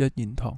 一言堂。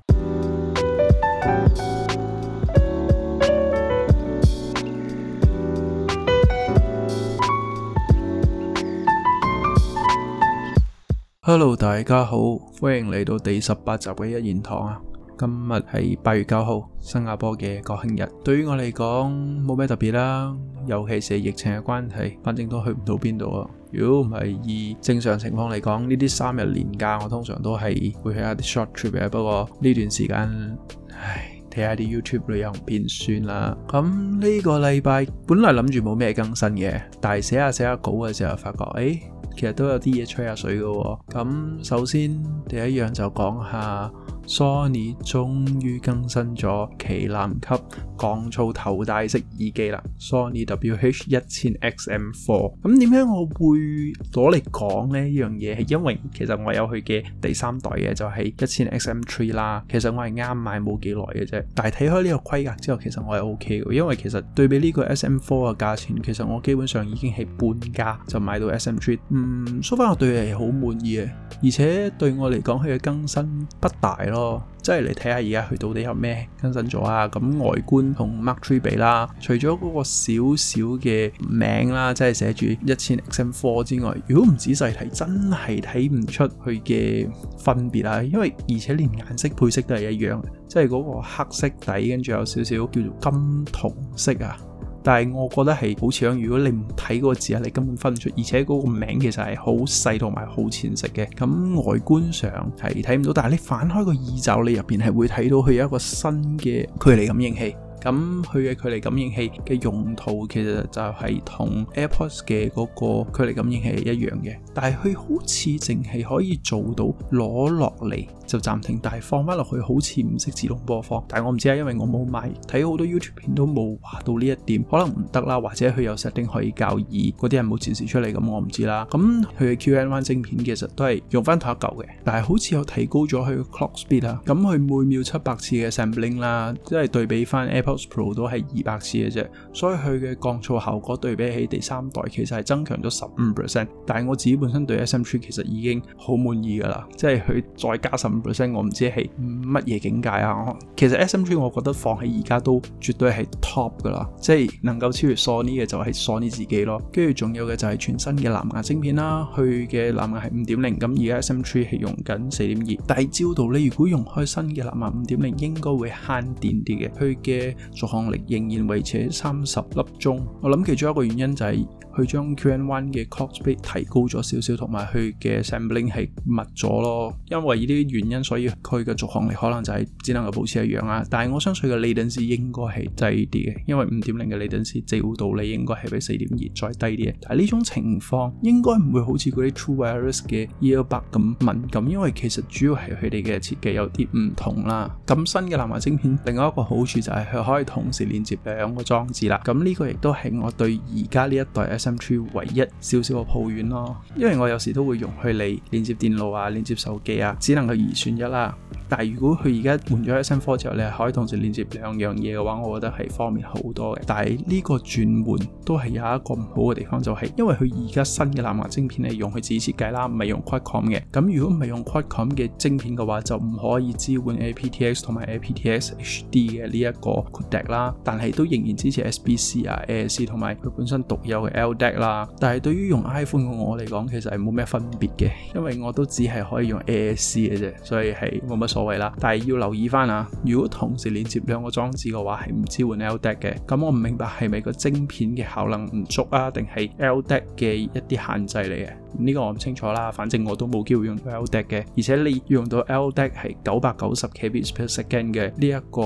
Hello，大家好，歡迎嚟到第十八集嘅一言堂啊！今日係八月九號，新加坡嘅國慶日，對於我嚟講冇咩特別啦，尤其是疫情嘅關係，反正都去唔到邊度如果唔係以正常情況嚟講，呢啲三日年假我通常都係會去下啲 short trip 嘅。不過呢段時間，唉，睇下啲 YouTube 旅行片算啦。咁呢個禮拜本來諗住冇咩更新嘅，但係寫下寫下稿嘅時候，發覺誒、哎，其實都有啲嘢吹下水嘅。咁首先第一樣就講下。Sony 終於更新咗旗艦級降噪頭戴式耳機啦，Sony WH 一千 XM Four。咁點解我會攞嚟講呢？呢樣嘢係因為其實我有佢嘅第三代嘅，就係一千 XM Three 啦。其實我係啱買冇幾耐嘅啫，但係睇開呢個規格之後，其實我係 OK 嘅，因為其實對比呢個 XM Four 嘅價錢，其實我基本上已經係半價就買到 XM Three。嗯，so far 我對佢係好滿意嘅，而且對我嚟講佢嘅更新不大。咯，即係你睇下而家佢到底有咩更新咗啊？咁外觀同 Mark Three 比啦，除咗嗰個少少嘅名啦，即係寫住一千 XM Four 之外，如果唔仔細睇，真係睇唔出佢嘅分別啊！因為而且連顏色配色都係一樣，即係嗰個黑色底，跟住有少少叫做金銅色啊。但係我覺得係好似樣，如果你唔睇嗰個字，你根本分唔出。而且嗰個名其實係好細同埋好淺色嘅，咁外觀上係睇唔到。但係你反開個耳罩，你入面係會睇到佢有一個新嘅距離感應器。咁佢嘅距離感應器嘅用途其實就係同 AirPods 嘅嗰個距離感應器係一樣嘅，但係佢好似淨係可以做到攞落嚟就暫停，但係放翻落去好似唔識自動播放。但係我唔知啊，因為我冇買，睇好多 YouTube 片都冇話到呢一點，可能唔得啦，或者佢有 setting 可以校耳，嗰啲係冇展示出嚟咁，我唔知啦。咁佢嘅 QN1 晶片其實都係用翻頭一舊嘅，但係好似有提高咗佢嘅 clock speed 啊，咁佢每秒七百次嘅 sampling 啦，即係對比翻 AirPods。Pro 都係二百次嘅啫，所以佢嘅降噪效果對比起第三代其實係增強咗十五 percent，但係我自己本身對 SM3 其實已經好滿意噶啦，即係佢再加十五 percent 我唔知係乜嘢境界啊！其實 SM3 我覺得放喺而家都絕對係 top 噶啦，即係能夠超越 Sony 嘅就係 Sony 自己咯，跟住仲有嘅就係全新嘅藍牙晶片啦，佢嘅藍牙係五點零，咁而家 SM3 係用緊四點二，但係照道理如果用開新嘅藍牙五點零應該會慳電啲嘅，佢嘅。續航力仍然維持三十粒鐘，我諗其中一個原因就係、是，去將 QN One 嘅 clock speed 提高咗少少，同埋佢嘅 sampling 係密咗咯。因為呢啲原因，所以佢嘅續航力可能就係只能夠保持一樣啦。但係我相信嘅 latency 應該係低啲嘅，因為五點零嘅 latency，照道理呢應該係比四點二再低啲嘅。但係呢種情況應該唔會好似嗰啲 True Wireless 嘅 Earbuds 咁敏感，因為其實主要係佢哋嘅設計有啲唔同啦。咁新嘅藍牙晶片另外一個好處就係佢可以同時連接兩個裝置啦。咁呢個亦都係我對而家呢一代 XM3 唯一少少嘅抱怨咯，因為我有時都會用去連接電腦啊、連接手機啊，只能夠二選一啦。但係如果佢而家換咗 XM4 之後，你係可以同時連接兩樣嘢嘅話，我覺得係方便好多嘅。但係呢個轉換都係有一個唔好嘅地方，就係、是、因為佢而家新嘅藍牙晶片係用佢自己設計啦，唔係用 Qualcomm 嘅。咁如果唔係用 Qualcomm 嘅晶片嘅話，就唔可以支援 APTX 同埋 APTX HD 嘅呢一個 Codec 啦。但係都仍然支持 SBC 啊、AAC 同埋佢本身獨有嘅 L。叻啦！但係對於用 iPhone 嘅我嚟講，其實係冇咩分別嘅，因為我都只係可以用 AAC 嘅啫，所以係冇乜所謂啦。但係要留意翻啊，如果同時連接兩個裝置嘅話，係唔支援 LDAC 嘅。咁我唔明白係咪個晶片嘅效能唔足啊，定係 LDAC 嘅一啲限制嚟嘅？呢個我唔清楚啦，反正我都冇機會用到 LDAC 嘅，而且你用到 LDAC 係九百九十 kbps gain 嘅呢一個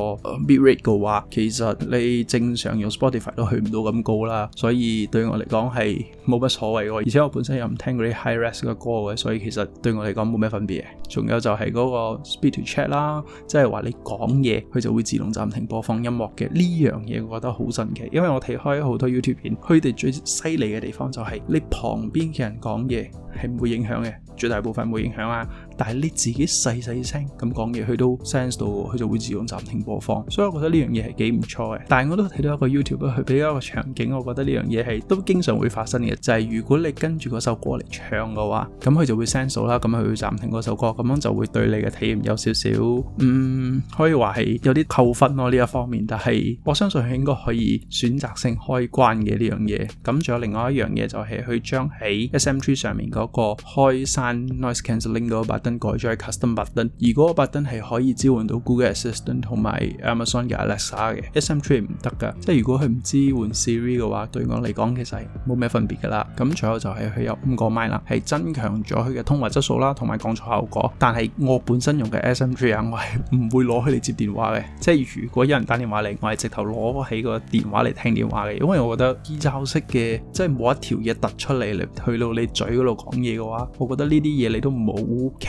bit rate 嘅話，其實你正常用 Spotify 都去唔到咁高啦，所以對我嚟講係冇乜所謂嘅。而且我本身又唔聽嗰啲 high res 嘅歌嘅，所以其實對我嚟講冇咩分別。仲有就係嗰個 Speak to Chat 啦，即係話你講嘢佢就會自動暫停播放音樂嘅呢樣嘢，我覺得好神奇。因為我睇開好多 YouTube 片，佢哋最犀利嘅地方就係你旁邊嘅人講嘢。係唔會影響嘅，絕大部分唔會影響啊。但係你自己細細聲咁講嘢，佢都 sense 到，佢就會自動暫停播放。所以我覺得呢樣嘢係幾唔錯嘅。但係我都睇到一個 YouTube，佢俾一個場景，我覺得呢樣嘢係都經常會發生嘅，就係、是、如果你跟住嗰首歌嚟唱嘅話，咁佢就會 sense 啦，咁佢會暫停嗰首歌，咁樣就會對你嘅體驗有少少，嗯，可以話係有啲扣分咯、啊、呢一方面。但係我相信佢應該可以選擇性開關嘅呢樣嘢。咁仲有另外一樣嘢就係、是、佢將喺 XM3 上面嗰個開山 noise cancelling button、那個改咗 custom button，如果 button 係可以支援到 Google Assistant 同埋 Amazon 嘅 Alexa 嘅，XM3 唔得㗎，即係如果佢唔支援 Siri 嘅話，對我嚟講其實冇咩分別㗎啦。咁最後就係佢有五個麥啦，係增強咗佢嘅通話質素啦，同埋降噪效果。但係我本身用嘅 XM3 啊，我係唔會攞佢嚟接電話嘅。即係如果有人打電話嚟，我係直頭攞起個電話嚟聽電話嘅，因為我覺得依罩式嘅，即係冇一條嘢突出嚟嚟去到你嘴嗰度講嘢嘅話，我覺得呢啲嘢你都唔好。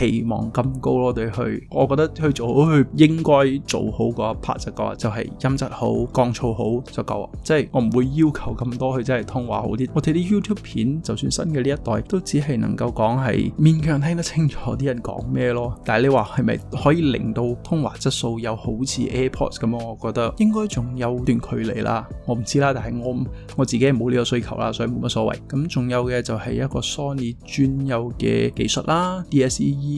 期望咁高咯，對佢，我覺得去做好佢應該做好嗰一 part 就係，就係、音質好、降噪好就夠，即係我唔會要求咁多佢真係通話好啲。我哋啲 YouTube 片就算新嘅呢一代都只係能夠講係勉強聽得清楚啲人講咩咯。但係你話係咪可以令到通話質素有好似 AirPods 咁？我覺得應該仲有段距離啦，我唔知啦。但係我我自己冇呢個需求啦，所以冇乜所謂。咁仲有嘅就係一個 Sony 專有嘅技術啦，DSEE。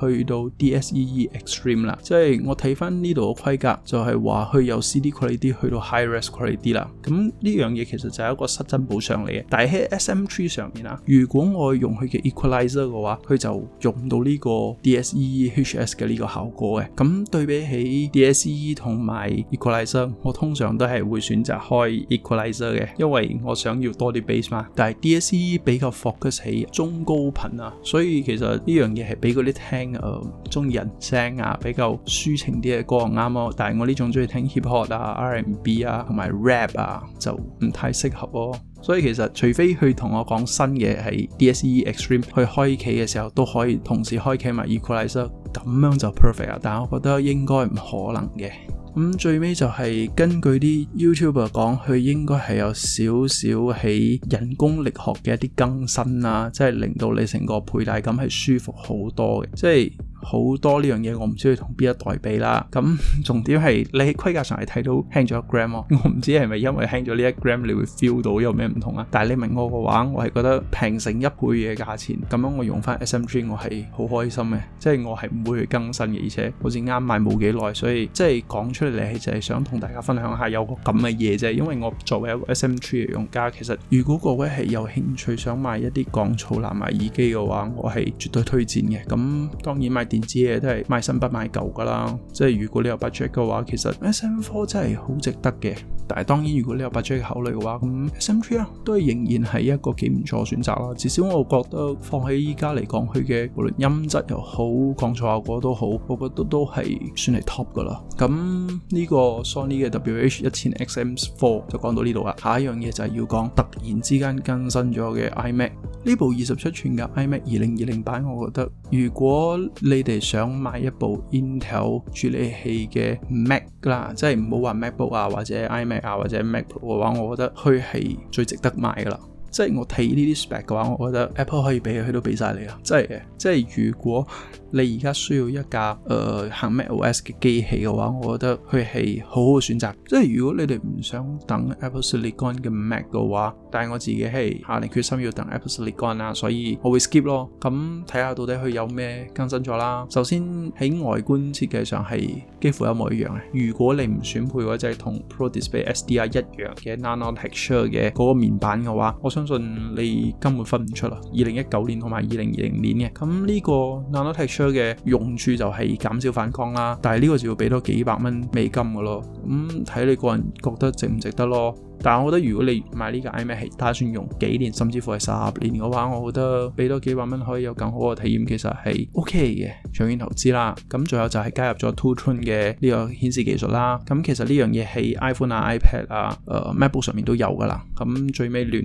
去到 DSEE Extreme 啦，即係我睇翻呢度嘅規格，就係話佢由 CD Quality 去到 High Res Quality 啦。咁呢樣嘢其實就係一個失真補償嚟嘅。但係喺 SM3 上面啊，如果我用佢嘅 Equalizer 嘅話，佢就用唔到呢個 DSEE HS 嘅呢個效果嘅。咁對比起 DSEE 同埋 Equalizer，我通常都係會選擇開 Equalizer 嘅，因為我想要多啲 bass 嘛。但係 DSEE 比較 focus 喺中高頻啊，所以其實呢樣嘢係俾嗰啲聽。誒、哦，中意人聲啊，比較抒情啲嘅歌啱咯。但係我呢種中意聽 hip hop 啊、R and B 啊，同埋 rap 啊，就唔太適合咯、哦。所以其實除非佢同我講新嘅係 DSE Extreme 去開啟嘅時候，都可以同時開啟埋 Equalizer，咁樣就 perfect 啊。但係我覺得應該唔可能嘅。最尾就係根據啲 YouTuber 講，佢應該係有少少喺人工力學嘅一啲更新啊，即係令到你成個佩戴感係舒服好多嘅，好多呢樣嘢我唔知去同邊一代比啦，咁重點係你喺規格上係睇到輕咗一 gram 咯，我唔知係咪因為輕咗呢一 gram 你會 feel 到有咩唔同啊？但係你問我嘅話，我係覺得平成一倍嘅價錢，咁樣我用翻 XM3 我係好開心嘅，即係我係唔會去更新嘅，而且好似啱買冇幾耐，所以即係講出嚟係就係、是、想同大家分享下有個咁嘅嘢啫。因為我作為一個 XM3 嘅用家，其實如果各位係有興趣想買一啲降噪藍牙耳機嘅話，我係絕對推薦嘅。咁當然買。電子嘢都係買新不買舊㗎啦，即係如果你有 budget 嘅話，其實 SM four 真係好值得嘅。但係當然，如果你有 budget 嘅考慮嘅話，咁 XM3 啊都係仍然係一個幾唔錯選擇啦。至少我覺得放喺依家嚟講，佢嘅無論音質又好，降噪效果都好，我覺得都係算係 top 噶啦。咁呢個 Sony 嘅 WH 一千 XM 四就講到呢度啦。下一樣嘢就係要講突然之間更新咗嘅 iMac，呢部二十七寸嘅 iMac 二零二零版，我覺得如果你哋想買一部 Intel 處理器嘅 Mac 啦，即係唔好話 MacBook 啊或者 iMac。或者 Mac Pro 嘅話，我覺得佢係最值得買噶啦。即係我睇呢啲 spec 嘅話，我覺得 Apple 可以俾嘅佢都俾晒你啦。即係，即係如果你而家需要一架誒、呃、行 MacOS 嘅機器嘅話，我覺得佢係好好嘅選擇。即係如果你哋唔想等 Apple Silicon 嘅 Mac 嘅話。但我自己係下定決心要等 Apple s 裂肝啦，所以我會 skip 咯。咁睇下到底佢有咩更新咗啦。首先喺外觀設計上係幾乎一模一樣嘅。如果你唔選配或者同 Pro Display SDR 一樣嘅 n a n o t e x t u r e 嘅嗰個面板嘅話，我相信你根本分唔出啦。二零一九年同埋二零二零年嘅，咁呢個 n a n o t e x t u r e 嘅用處就係減少反光啦。但係呢個就要俾多幾百蚊美金嘅咯。咁睇你個人覺得值唔值得咯？但係我覺得如果你買呢個 iMac 係打算用幾年，甚至乎係十年嘅話，我覺得俾多幾百蚊可以有更好嘅體驗，其實係 OK 嘅長遠投資啦。咁最後就係加入咗 True Tone 嘅呢個顯示技術啦。咁其實呢樣嘢喺 iPhone 啊、iPad 啊、誒、呃、MacBook 上面都有㗎啦。咁最尾連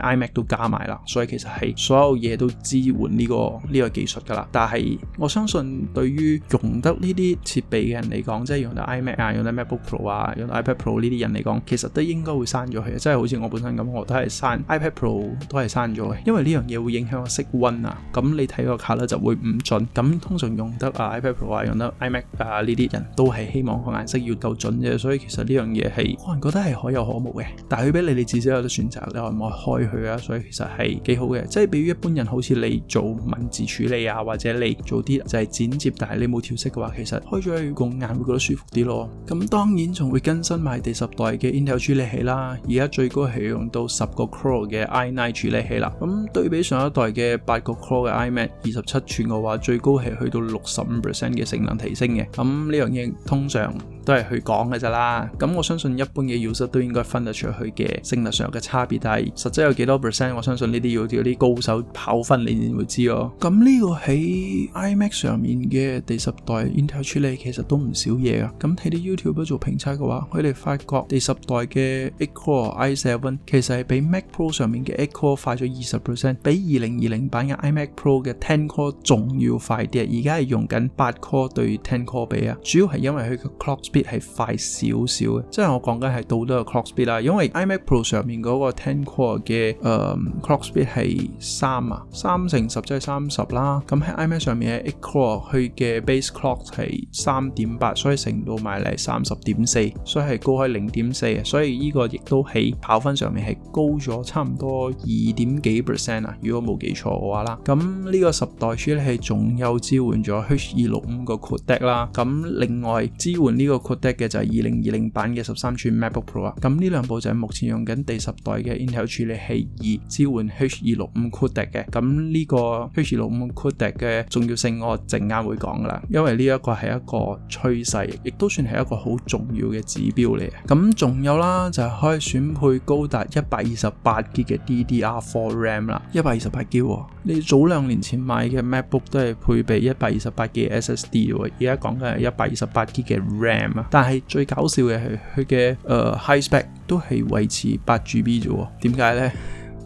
iMac 都加埋啦，所以其實係所有嘢都支援呢、呢個呢、呢個技術㗎啦。但係我相信對於用得呢啲設備嘅人嚟講，即係用得 iMac 啊、用得 MacBook Pro 啊、用得 iPad Pro 呢啲人嚟講，其實都應該會。刪咗佢，真係好似我本身咁，我都係刪 iPad Pro 都係刪咗嘅，因為呢樣嘢會影響個色溫啊。咁你睇個卡呢就會唔準。咁通常用得啊 iPad Pro 啊、用得 iMac 啊呢啲人都係希望個顏色要夠準嘅，所以其實呢樣嘢係可能覺得係可有可無嘅。但佢俾你你至少有得選擇，你可唔可以開佢啊？所以其實係幾好嘅。即係比如一般人好似你做文字處理啊，或者你做啲就係剪接，但係你冇調色嘅話，其實開咗個眼會覺得舒服啲咯。咁當然仲會更新埋第十代嘅 Intel 處理器啦。而家最高係用到十個 core 嘅 i9 處理器啦，咁對比上一代嘅八個 core 嘅 iMac，二十七寸嘅話，最高係去到六十五 percent 嘅性能提升嘅，咁呢樣嘢通常。都係佢講嘅咋啦？咁我相信一般嘅要塞都應該分得出佢嘅性能上嘅差別，但係實際有幾多 percent？我相信呢啲要嗰啲高手跑分你先會知咯、哦。咁呢個喺 iMac 上面嘅第十代 Intel 處理其實都唔少嘢啊。咁睇啲 YouTube 做評測嘅話，佢哋發覺第十代嘅 Eight Core i7 其實係比 Mac Pro 上面嘅 Eight Core 快咗二十 percent，比二零二零版嘅 iMac Pro 嘅 Ten Core 仲要快啲啊！而家係用緊八 Core 對 Ten Core 比啊，主要係因為佢個 clock speed。係快少少嘅，即係我講緊係到多個 clock speed 啦。因為 iMac Pro 上面嗰個 ten core 嘅誒、嗯、clock speed 係三啊，三乘十即係三十啦。咁喺 iMac 上面嘅 eight core 去嘅 base clock 係三點八，所以乘到埋嚟三十點四，所以係高開零點四嘅。所以呢個亦都係跑分上面係高咗差唔多二點幾 percent 啊，如果冇記錯嘅話啦。咁呢個十代處理器仲有支援咗 H 二六五個 codec 啦。咁另外支援呢、呢個。擴大嘅就係二零二零版嘅十三寸 MacBook Pro 啊，咁呢兩部就係目前用緊第十代嘅 Intel 處理器而支援 H 二六五擴大嘅。咁呢個 H 二六五擴大嘅重要性我陣間會講噶啦，因為呢一個係一個趨勢，亦都算係一個好重要嘅指標嚟。咁仲有啦，就係可以選配高達一百二十八 G 嘅 DDR four RAM 啦，哦，一百二十八 G 你早兩年前買嘅 MacBook 都係配備一百二十八 G SSD 喎，而家講緊係一百二十八 G 嘅 RAM。但係最搞笑嘅係佢嘅誒 high spec 都係維持八 GB 啫，點解呢？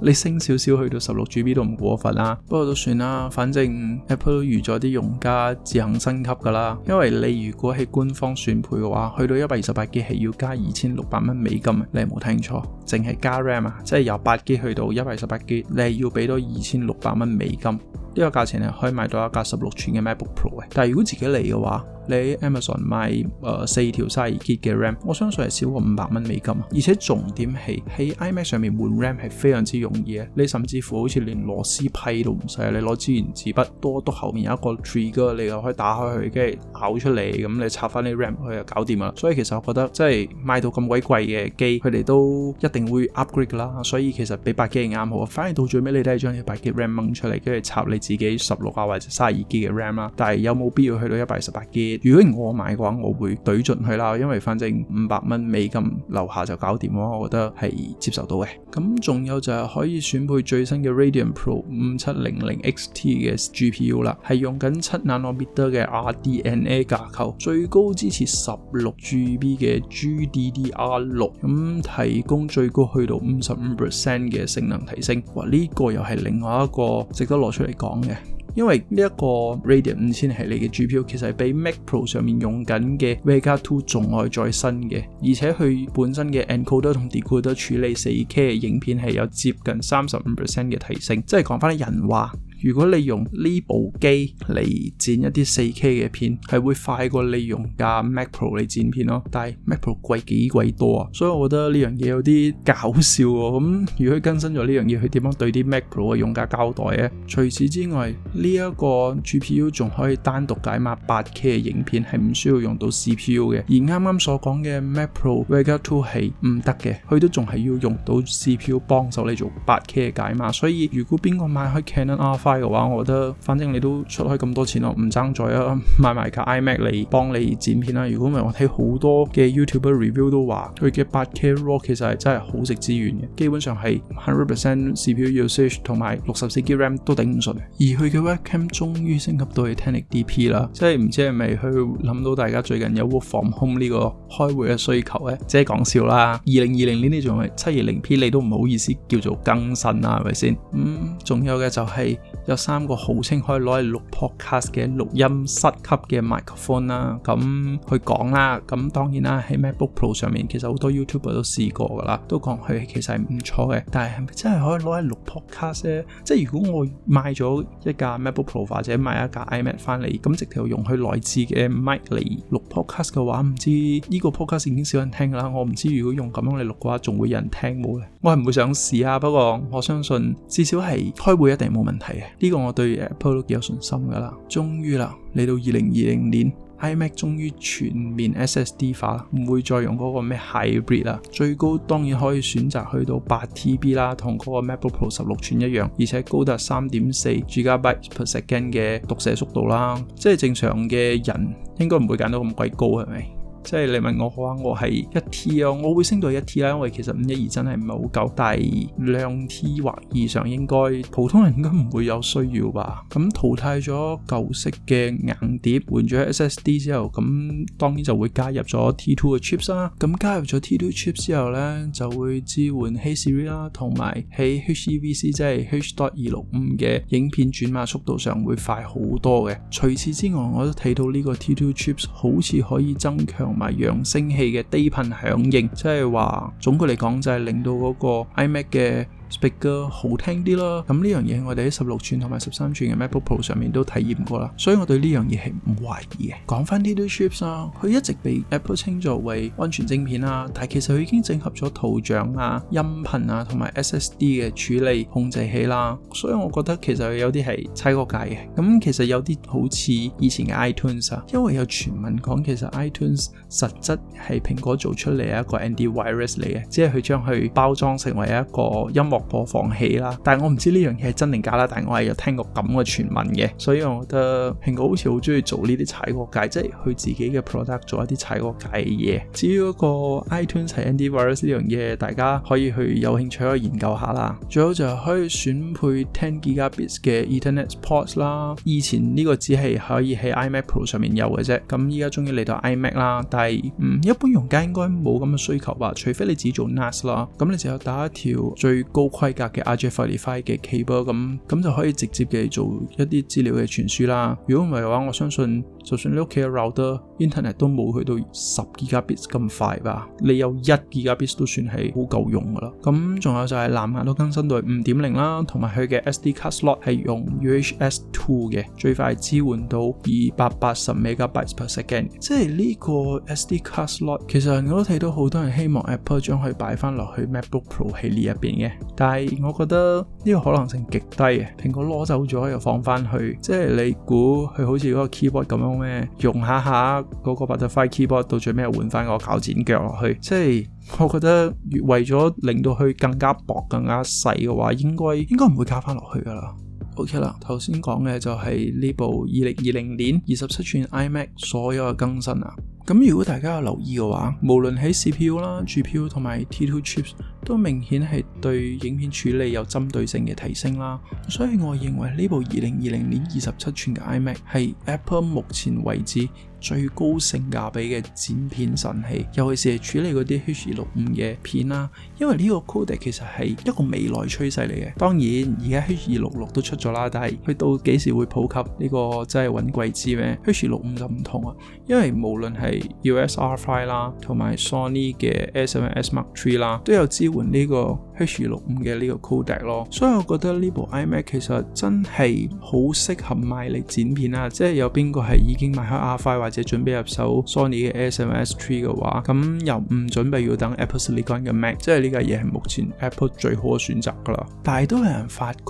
你升少少去到十六 GB 都唔過分啦，不過都算啦。反正 Apple 預咗啲用家自行升級噶啦，因為你如果喺官方選配嘅話，去到一百二十八 G 係要加二千六百蚊美金，你冇聽錯，淨係加 RAM 啊，即係由八 G 去到一百二十八 G，你係要俾多二千六百蚊美金，這個、價呢個價錢係，可以買到一架十六寸嘅 MacBook Pro 嘅。但係如果自己嚟嘅話，你 Amazon 買誒、呃、四條卅二 G 嘅 RAM，我相信係少過五百蚊美金啊！而且重點係喺 iMac 上面換 RAM 係非常之容易嘅。你甚至乎好似連螺絲批都唔使，你攞原子筆多篤後面有一個 tree 嗰個，你就可以打開佢，跟住咬出嚟咁，你插翻啲 RAM 佢就搞掂啦。所以其實我覺得即係賣到咁鬼貴嘅機，佢哋都一定會 upgrade 啦。所以其實俾八 G 啱好，反而到最尾你都係將啲八 G RAM 掹出嚟，跟住插你自己十六啊或者卅二 G 嘅 RAM 啦。但係有冇必要去到一百二十八 G？如果我買嘅話，我會懟進去啦，因為反正五百蚊美金樓下就搞掂嘅話，我覺得係接受到嘅。咁仲有就係可以選配最新嘅 Radeon Pro 5700 XT 嘅 GPU 啦，係用緊七納米 meter 嘅 RDNA 架構，最高支持十六 GB 嘅 GDDR 六，咁提供最高去到五十五 percent 嘅性能提升。哇，呢個又係另外一個值得攞出嚟講嘅。因為呢一個 Radeon 五千系列嘅 GPU，其實係比 Mac Pro 上面用緊嘅 Vega Two 仲要再新嘅，而且佢本身嘅 Encoder 同 Decoder 處理 4K 影片係有接近三十五 percent 嘅提升，即係講翻啲人話。如果你用呢部機嚟剪一啲 4K 嘅片，係會快過你用架 Mac Pro 嚟剪片咯，但係 Mac Pro 貴幾貴多啊，所以我覺得呢樣嘢有啲搞笑喎。咁如果更新咗呢樣嘢，佢點樣對啲 Mac Pro 嘅用家交代咧？除此之外，呢一個 GPU 仲可以單獨解碼 8K 嘅影片，係唔需要用到 CPU 嘅。而啱啱所講嘅 Mac Pro Vega II 係唔得嘅，佢都仲係要用到 CPU 幫手嚟做 8K 嘅解碼。所以如果邊個買開 Canon Alpha？嘅話，我覺得反正你都出開咁多錢咯，唔爭在啊，買埋架 iMac 你幫你剪片啦。如果唔係，我睇好多嘅 YouTuber review 都話，佢嘅八 K Raw 其實係真係好食資源嘅，基本上係100% CPU usage 同埋六十四 G RAM 都頂唔順。而佢嘅 Webcam 終於升級到去 1080P 啦，即係唔知係咪佢諗到大家最近有 work from home 呢個開會嘅需求咧？即係講笑啦，二零二零年呢仲係七二零 P，你都唔好意思叫做更新啊，係咪先？咁、嗯、仲有嘅就係、是。有三個號稱可以攞嚟錄 podcast 嘅錄音室級嘅 microphone 啦，咁去講啦。咁當然啦，喺 MacBook Pro 上面其實好多 YouTuber 都試過㗎啦，都講佢其實係唔錯嘅。但係係咪真係可以攞嚟錄 podcast 咧？即係如果我買咗一架 MacBook Pro 或者買一架 iMac 翻嚟，咁直頭用佢內置嘅 mic 嚟錄 podcast 嘅話，唔知呢個 podcast 已經少人聽啦。我唔知如果用咁樣嚟錄嘅話，仲會有人聽冇嘅。我係唔會想試啊，不過我相信至少係開會一定冇問題嘅。呢個我對 Apple 都幾有信心噶啦。終於啦，嚟到二零二零年，iMac 終於全面 SSD 化啦，唔會再用嗰個咩 hybrid 啦。最高當然可以選擇去到八 TB 啦，同嗰個 MacBook Pro 十六寸一樣，而且高達三點四 GB per second 嘅讀寫速度啦，即係正常嘅人應該唔會揀到咁鬼高，係咪？即係你問我好啊，我係一 T 啊，我會升到一 T 啦，因為其實五一二真係唔係好夠，但係兩 T 或以上應該普通人應該唔會有需要吧。咁淘汰咗舊式嘅硬碟，換咗 SSD 之後，咁當然就會加入咗 T2 嘅 chips 啦。咁加入咗 T2 chips 之後呢，就會支援、Hey、Siri, H 系列啦，同埋喺 HEVC 即係 H.265 嘅影片轉碼速度上會快好多嘅。除此之外，我都睇到呢個 T2 chips 好似可以增強，同埋揚聲器嘅低頻響應，即係話總括嚟講，就係令到嗰個 iMac 嘅 Speaker 好聽啲啦，咁呢樣嘢我哋喺十六寸同埋十三寸嘅 MacBook Pro 上面都體驗過啦，所以我對呢樣嘢係唔懷疑嘅。講翻 T2 chips 啊，佢一直被 Apple 稱作為安全晶片啊，但係其實佢已經整合咗圖像啊、音頻啊同埋 SSD 嘅處理控制器啦，所以我覺得其實有啲係踩過界嘅。咁其實有啲好似以前嘅 iTunes 啊，因為有傳聞講其實 iTunes 實質係蘋果做出嚟一個 Anti-Virus 嚟嘅，即係佢將佢包裝成為一個音樂播放器啦，但係我唔知呢樣嘢係真定假啦，但係我係有聽過咁嘅傳聞嘅，所以我覺得蘋果好似好中意做呢啲踩過界，即係佢自己嘅 product 做一啲踩過界嘅嘢。至於嗰個 iTunes 係 end virus 呢樣嘢，大家可以去有興趣去研究下啦。最好就係可以選配10 g bit 嘅 Ethernet ports 啦。以前呢個只係可以喺 iMac Pro 上面有嘅啫，咁依家終於嚟到 iMac 啦。但係嗯，一般用家應該冇咁嘅需求吧，除非你自己做 NAS 啦，咁你就有打一條最高。規格嘅 RJ45 嘅 cable 咁咁就可以直接嘅做一啲資料嘅傳輸啦。如果唔係嘅話，我相信就算你屋企有 router。Internet 都冇去到十 Gbps 咁快吧？你有一 Gbps 都算係好夠用㗎啦。咁仲有就係藍牙都更新到五點零啦，同埋佢嘅 SD card slot 係用 UHS-II 嘅，最快支援到二百八十 MB per second。即係呢個 SD 卡 slot，其實我都睇到好多人希望 Apple 將佢擺翻落去 MacBook Pro 系列入邊嘅，但係我覺得呢個可能性極低。蘋果攞走咗又放翻去，即係你估佢好似嗰個 keyboard 咁樣咩？用下下。嗰個 Butterfly keyboard 到最尾換翻個鉸剪腳落去，即係我覺得為咗令到佢更加薄、更加細嘅話，應該應該唔會加翻落去噶啦。OK 啦，頭先講嘅就係呢部二零二零年二十七寸 iMac 所有嘅更新啊。咁如果大家有留意嘅話，無論喺 CPU 啦、GPU 同埋 T2 Chips 都明顯係對影片處理有針對性嘅提升啦。所以我認為呢部二零二零年二十七寸嘅 iMac 係 Apple 目前為止，最高性價比嘅剪片神器，尤其是處理嗰啲 H265 嘅片啦，因為呢個 Codec 其實係一個未來趨勢嚟嘅。當然而家 H266 都出咗啦，但係去到幾時會普及呢個真係揾鬼知咩？H265 就唔同啊，因為無論係 USR5 啦，同埋 Sony 嘅 A7S Mark 3啦，都有支援呢個六五嘅呢個 codec 咯，所以我覺得呢部 iMac 其實真係好適合買嚟剪片啊。即係有邊個係已經買開 R5 或者準備入手 Sony 嘅 A7S3 嘅話，咁又唔準備要等 Apple Silicon 嘅 Mac，即係呢個嘢係目前 Apple 最好嘅選擇噶啦。但係都有人發覺，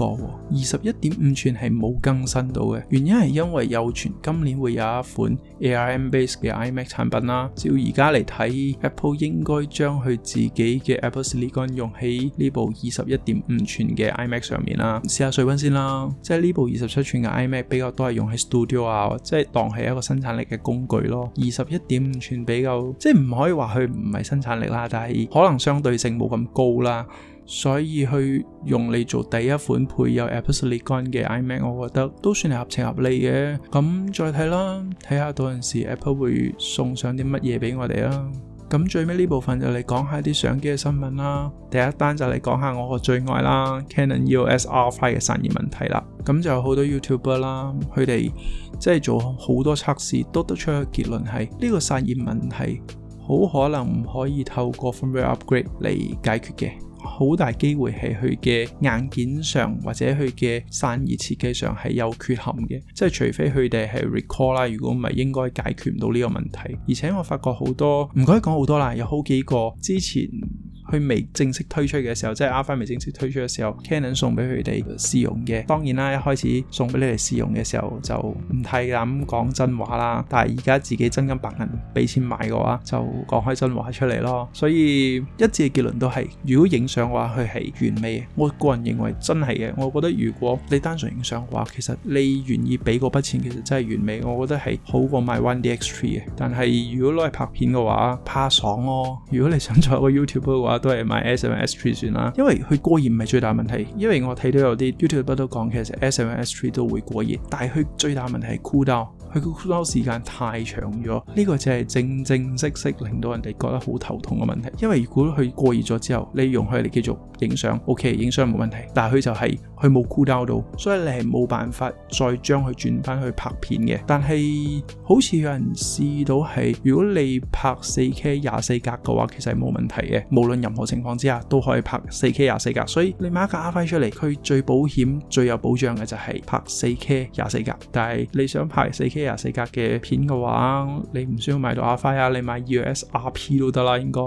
二十一點五吋係冇更新到嘅，原因係因為有傳今年會有一款 ARM-based 嘅 iMac 產品啦。照而家嚟睇，Apple 應該將佢自己嘅 Apple Silicon 用喺呢部二十一點五寸嘅 iMac 上面啦，試下水温先啦。即係呢部二十七寸嘅 iMac 比較多係用喺 studio 啊，即係當係一個生產力嘅工具咯。二十一點五寸比較即係唔可以話佢唔係生產力啦，但係可能相對性冇咁高啦，所以去用嚟做第一款配有 Apple Silicon 嘅 iMac，我覺得都算係合情合理嘅。咁再睇啦，睇下到陣時 Apple 會送上啲乜嘢俾我哋啦。咁最尾呢部分就嚟講下啲相機嘅新聞啦。第一單就嚟講下我個最愛啦，Canon EOS R5 嘅散熱問題啦。咁就好多 YouTuber 啦，佢哋即係做好多測試，都得出個結論係呢個散熱問題好可能唔可以透過 firmware upgrade 嚟解決嘅。好大機會係佢嘅硬件上或者佢嘅散熱設計上係有缺陷嘅，即係除非佢哋係 recall 啦，如果唔係應該解決唔到呢個問題。而且我發覺好多，唔該講好多啦，有好幾個之前。佢未正式推出嘅時候，即係 R5 未正式推出嘅時候，Canon 送俾佢哋試用嘅。當然啦，一開始送俾你哋試用嘅時候就唔太敢咁講真話啦。但係而家自己真金白銀俾錢買嘅話，就講開真話出嚟咯。所以一致嘅結論都係，如果影相嘅話，佢係完美。我個人認為真係嘅。我覺得如果你單純影相嘅話，其實你願意俾嗰筆錢，其實真係完美。我覺得係好過買 One D X Three 嘅。但係如果攞嚟拍片嘅話，怕爽哦、啊。如果你想做一個 YouTube 嘅話，都係買 S1、S3 算啦，因為佢過熱唔係最大問題，因為我睇到有啲 YouTube 都講其實 S1、S3 都會過熱，但係佢最大問題係 cool down。佢酷到時間太長咗，呢個就係正正式式令到人哋覺得好頭痛嘅問題。因為如果佢過熱咗之後，你用佢嚟繼續影相，OK 影相冇問題。但係佢就係佢冇酷到，所以你係冇辦法再將佢轉翻去拍片嘅。但係好似有人試到係，如果你拍四 K 廿四格嘅話，其實係冇問題嘅，無論任何情況之下都可以拍四 K 廿四格。所以你買架阿輝出嚟，佢最保險、最有保障嘅就係拍四 K 廿四格。但係你想拍四 K 四格嘅片嘅話，你唔需要買到阿花啊，你買 USRP 都得啦，應該。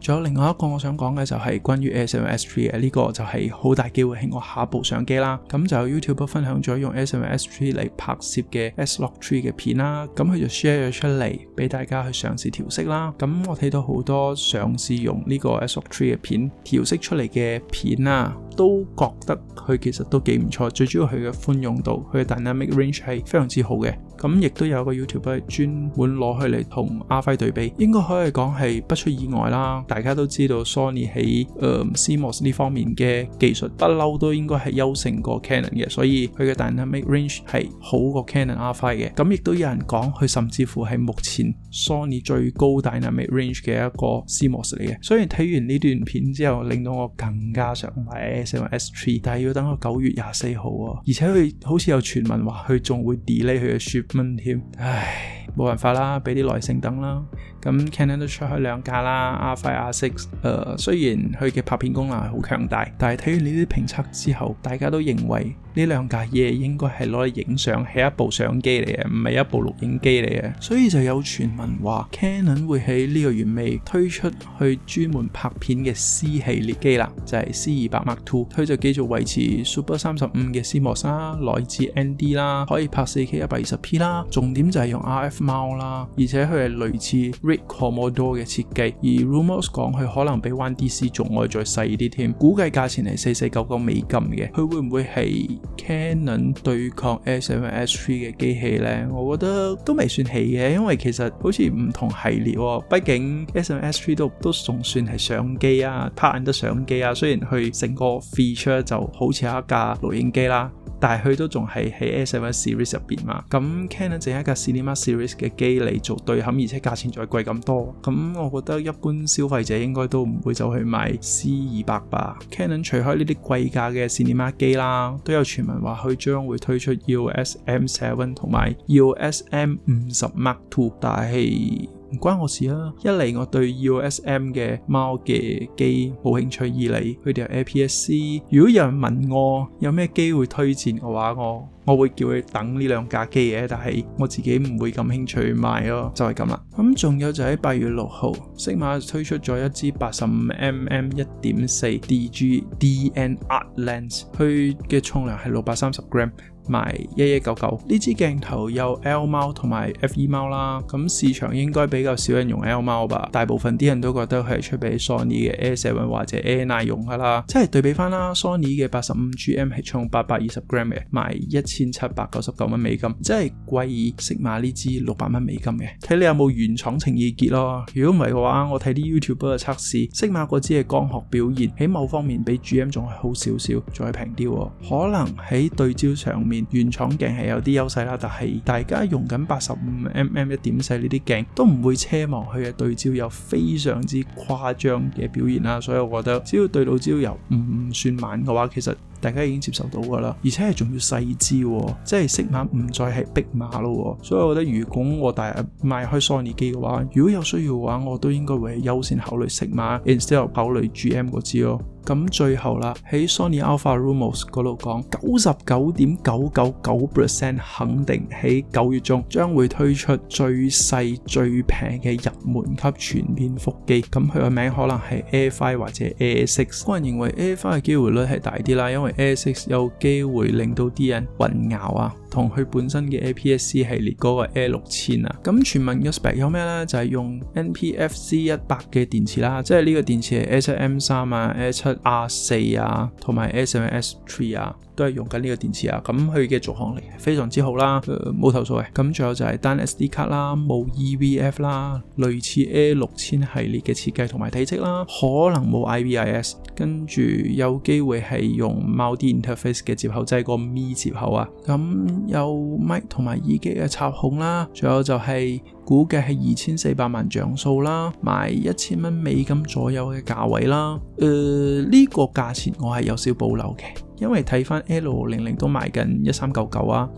仲有另外一個我想講嘅就係關於 A7S Three 誒，呢個就係好大機會喺我下一部相機啦。咁就有 YouTuber 分享咗用 A7S Three 嚟拍攝嘅 S Log Three 嘅片啦。咁佢就 share 咗出嚟俾大家去嘗試調色啦。咁我睇到好多嘗試用呢個 S Log Three 嘅片調色出嚟嘅片啊，都覺得佢其實都幾唔錯。最主要佢嘅寬容度，佢嘅 Dynamic Range 係非常之好嘅。咁亦都有個 YouTuber 專門攞佢嚟同 R5 對比，應該可以講係不出意外啦。大家都知道 Sony 喺誒、呃、CMOS 呢方面嘅技術不嬲都應該係優勝過 Canon 嘅，所以佢嘅 Dynamic Range 係好過 Canon R5 嘅。咁亦都有人講佢甚至乎係目前 Sony 最高 Dynamic Range 嘅一個 CMOS 嚟嘅。雖然睇完呢段片之後，令到我更加想買 A7S3，但係要等到九月廿四號喎。而且佢好似有傳聞話佢仲會 delay 佢嘅 shipment 添。唉，冇辦法啦，俾啲耐性等啦。咁 Canon 都出咗兩架啦，R5、R6，誒、uh，雖然佢嘅拍片功能係好強大，但係睇完呢啲評測之後，大家都認為，呢兩架嘢應該係攞嚟影相，係一部相機嚟嘅，唔係一部錄影機嚟嘅。所以就有傳聞話 Canon 會喺呢個年尾推出去專門拍片嘅 C 系列機啦，就係、是、C 二百 Mark Two。佢就繼續維持 Super 三十五嘅 CMOS，內置 ND 啦，可以拍四 K 一百二十 P 啦。重點就係用 RF mount 啦，而且佢係類似 RED Komodo 嘅設計。而 rumors 講佢可能比 One D C 仲要再細啲添，估計價錢係四四九九美金嘅。佢會唔會係？Canon 對抗 SMS3 嘅機器呢，我覺得都未算起嘅，因為其實好似唔同系列喎、哦。畢竟 SMS3 都都仲算係相機啊，拍影都相機啊。雖然佢成個 feature 就好似一架錄影機啦。但係佢都仲係喺 S7 Series 入邊嘛，咁 Canon 整一架 Cinema Series 嘅機嚟做對冚，而且價錢再貴咁多，咁我覺得一般消費者應該都唔會走去買 C 二百吧。Canon 除開呢啲貴價嘅 Cinema 機啦，都有傳聞話佢將會推出 USM7 同埋 USM 五十 Mark Two，但係唔關我事啦、啊。一嚟我對 USM 嘅貓嘅機冇興趣，二嚟佢哋有 APS-C。C，如果有人問我有咩機會推薦嘅話，我我會叫佢等呢兩架機嘅、啊，但係我自己唔會咁興趣買咯、啊，就係、是、咁啦。咁仲有就喺八月六號，適馬推出咗一支八十五 mm 一點四 DG DN Art lens，佢嘅重量係六百三十 gram。1 賣一一九九，呢支鏡頭有 L 貓同埋 FE 貓啦，咁市場應該比較少人用 L 貓吧，大部分啲人都覺得係出俾 Sony 嘅 A7 或者 A9 用噶啦，即係對比翻啦，Sony 嘅八十五 GM 係重八百二十 gram 嘅，賣一千七百九十九蚊美金，即係貴 Sigma 呢支六百蚊美金嘅，睇你有冇原廠情意結咯，如果唔係嘅話，我睇啲 YouTube 嘅測試，Sigma 嗰支嘅光學表現喺某方面比 GM 仲係好少少，再平啲，可能喺對焦上面。原廠鏡係有啲優勢啦，但係大家用緊八十五 mm 一點四呢啲鏡都唔會奢望佢嘅對焦有非常之誇張嘅表現啦，所以我覺得只要對到焦又唔算慢嘅話，其實大家已經接受到噶啦，而且係仲要細支，即係 Sigma 唔再係逼馬咯。所以我覺得如果我第日買開 Sony 機嘅話，如果有需要嘅話，我都應該會優先考慮 Sigma，instead of 考慮 GM 嗰支咯。咁最後啦，喺 Sony Alpha Rumors 嗰度講九十九點九。99. 99九九 percent 肯定喺九月中將會推出最細最平嘅入門級全面伏機，咁佢嘅名可能係 Air f i 或者 a i s x，個人認為 Air f i 嘅機會率係大啲啦，因為 a i s x 有機會令到啲人混淆啊，同佢本身嘅 APSC 系列嗰個 Air 六千啊。咁全面嘅 spec 有咩呢？就係、是、用 NPFC 一百嘅電池啦，即係呢個電池係 s i 七 M 三啊、s i r 七 R 四啊，同埋 s e v e S Three 啊。都係用緊呢個電池啊，咁佢嘅續航力非常之好啦、啊，冇、呃、投訴嘅、啊。咁仲有就係單 SD 卡啦，冇 EVF 啦，類似 A 六千系列嘅設計同埋體積啦，可能冇 IBIS 跟住有機會係用 Multi Interface 嘅接口，即、就、係、是、個咪接口啊。咁有 Mic 同埋耳機嘅插孔啦，仲有就係、是。估嘅係二千四百萬像素啦，賣一千蚊美金左右嘅價位啦。誒、呃，呢、這個價錢我係有少保留嘅，因為睇返 L 零零都賣緊一三九九啊，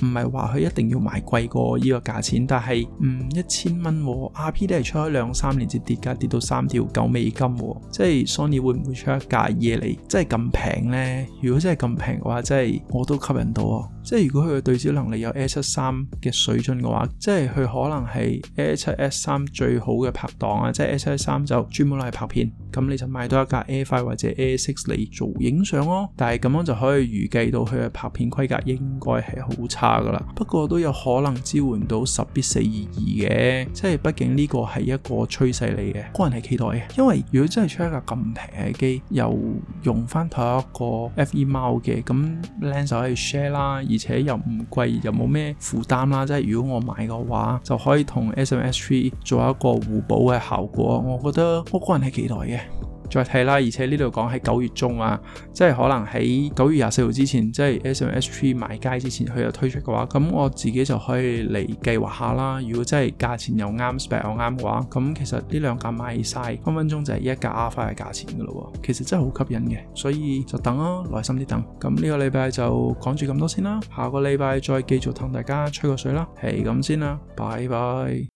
唔係話佢一定要買貴過呢個價錢，但係嗯一千蚊 R P 都係出咗兩三年先跌噶，跌到三條九美金，哦，即係 Sony 會唔會出一架嘢嚟？即係咁平呢？如果真係咁平嘅話，即係我都吸引到，哦、啊！即係如果佢嘅對焦能力有 A 七三嘅水準嘅話，即係佢可能係 A 七 S 三最好嘅拍檔啊！即係 A 七 S 三就專門攞嚟拍片，咁你就買多一架 A five 或者 A six 嚟做影相咯。但係咁樣就可以預計到佢嘅拍片規格應該係好差。差噶啦，不過都有可能支援到十 b 四二二嘅，即係畢竟呢個係一個趨勢嚟嘅，個人係期待嘅。因為如果真係出一架咁平嘅機，又用翻同一個 F E 貓嘅，咁 Lens 可以 share 啦，而且又唔貴，又冇咩負擔啦，即係如果我買嘅話，就可以同 S M S Three 做一個互補嘅效果。我覺得我個人係期待嘅。再睇啦，而且呢度講喺九月中啊，即係可能喺九月廿四號之前，即係 S1、S3 賣街之前，佢又推出嘅話，咁我自己就可以嚟計劃下啦。如果真係價錢又啱，spec 又啱嘅話，咁其實呢兩架賣晒，分分鐘就係一架 Alpha 嘅價錢噶咯。其實真係好吸引嘅，所以就等咯、啊，耐心啲等。咁呢個禮拜就講住咁多先啦，下個禮拜再繼續同大家吹個水啦，係咁先啦，拜拜。